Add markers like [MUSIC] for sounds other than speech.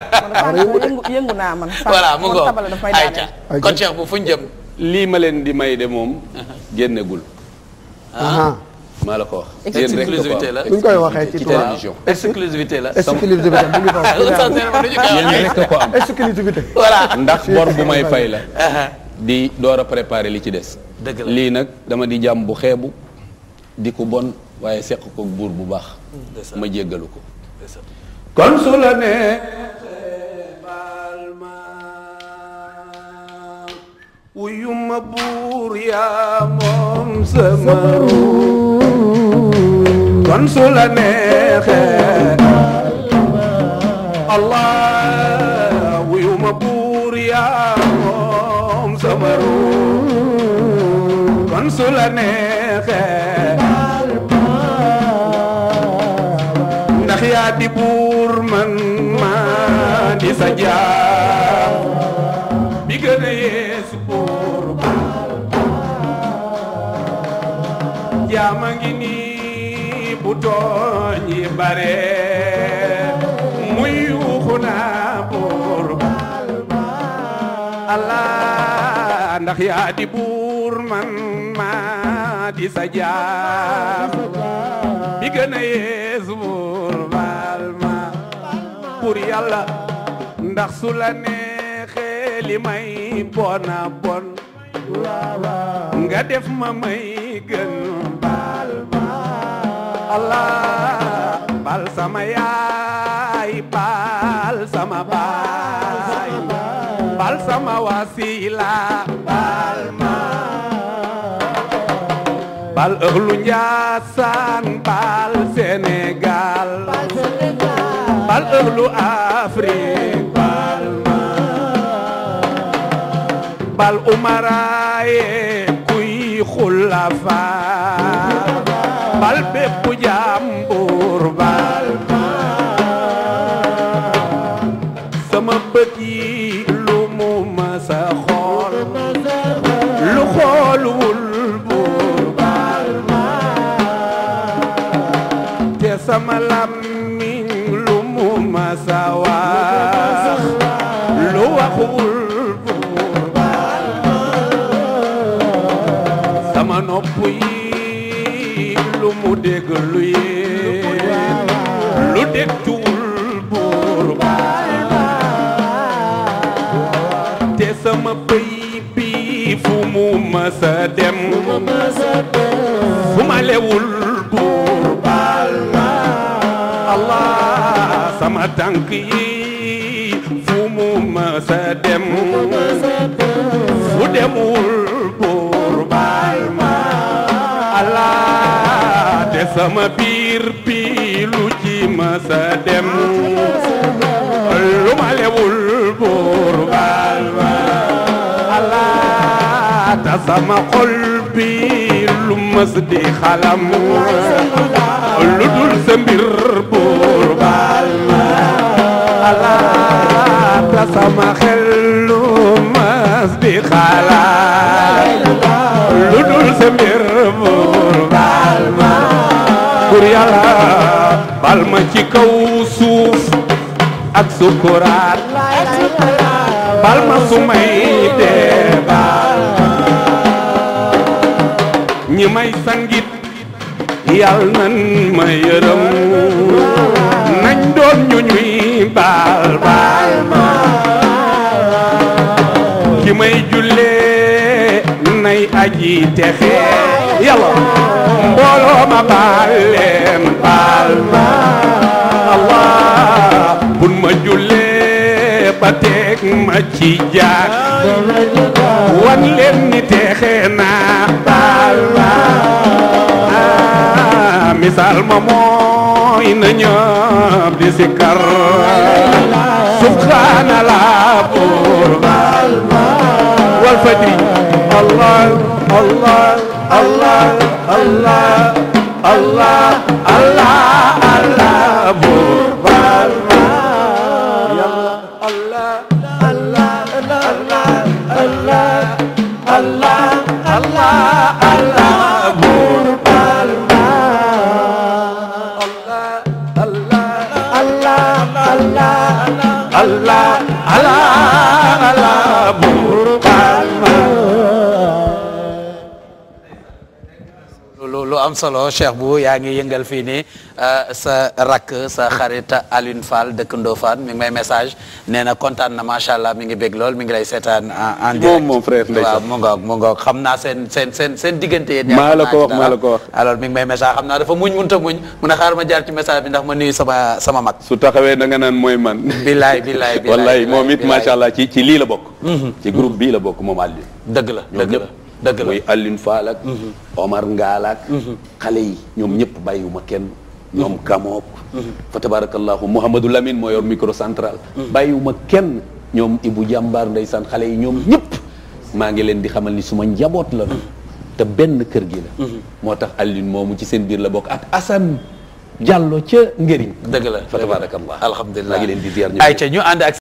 Ah, yëngu naa man. voilà mu ngoog ayca kon Cheikh bu fuñ jëm. lii ma leen di may de moom. Uh-huh. génnegul. maa la ko wax. exclusivité la yéen koy waxee ci tubaab exclusivité la. exclusivité la bu ñu ko yéen rek ko am exclusivité. voilà ndax bor bu may fay la. Uh-huh. di door a préparer li ci des. dëgg lii nag dama di jàmm bu xeebu. di ko bon waaye seq ko buur bu baax. ma jéggalu ko. kon su la nee. wuyu ma buur yaa moom sama ruur kon su la neexee allah wuyu ma buur yaa moom sama ruur kon su la neexee ndax yaa di buur man maa di sa jaam jaama ngi nii bu yi bare muy yuuxu naa buur allah ndax yaa di buur man maa di sa jaam bi gën a yees buur baal ma buur yàlla ndax su la may bona bon nga def ma may gën allah baal sama yaay baal sama baay baal sama wasila baal ma baal ëhlu njaasaan baal Sénégal baal ëhlu Afrique baal ma baal umaraye kuy xulafa bal bépp jàmbur bal sama bët lu mu mas a xool lu xoolwul buur bal te sama làmmiñ lu mu mas a wax lu waxul buur sama nopp yi lu mu dégg lu yéem lu dégtuwul buur baay te sama pays bi fu mu mës a dem fu ma lewul buur baal ma Allah sama tànk yi fu mu mës a dem sama biir lu dul sa mbir buur baal ma alaata sama lu mas di xalaat lu dul sa mbir buur buur yàlla bal ma ci kaw suuf ak sukuraat bal ma su may dee ñi may sangit yàlla nan ma yërëm nañ doon ñu ñuy baal baal ma may jullee nay aji texe ma baal leen baal ma allah bun ma jullee ba teg ma ci jaar wan leen ni texe naa baal ma ah, misaal ma mooy na ñëpp di sikkar subhanallah buur baal ma wal fajri allah allah allah Allah Allah Allah Allah buur Barma yàlla Allah Allah Allah Allah Allah Allah Allah buur Barma Allah Allah Allah Allah am solo Cheikh bu yaa ngi yëngal fii nii euh, sa rakk sa xarit Alioune Fall dëkk Ndofane mi ngi message nee na kontaan macha allah mi ngi bég mi ngi lay seetaan en direct moom frère waaw mu ngoog mu xam naa seen seen seen seen diggante yéen maa la ko wax maa la ko wax alors mi ngi xam naa dafa muñ munta muñ mun a xaar ma jaar ci message bi ndax ma nuyu sama sama mag su taxawee da nga naan mooy man bilaay bilaay [LAUGHS] wallaay moom it macha allah ci ci lii la bokk mhm. ci groupe bii la bokk moom Alioune dëgg dëgg la muy Alioune Fall ak. Mhm. Omar Ngaal mhm. xale yi ñoom ñëpp bàyyiwuma kenn. ñoom mhm. Gamook. fa tabarakallahu Mouhamadou Lamine moo yor micro central. bàyyiwuma kenn ñoom Ibou Jàmbaar ndeysaan xale yi ñoom ñëpp. maa ngi leen di xamal ni suma njaboot la. te benn kër gi la. moo tax Alioune moomu ci seen biir la bokk ak Assane Diallo ca Ngëriñ. dëgg la fa tabarakallah alhamdulilah maa ngi leen di ziar ñu. ayca ñu ànd ak.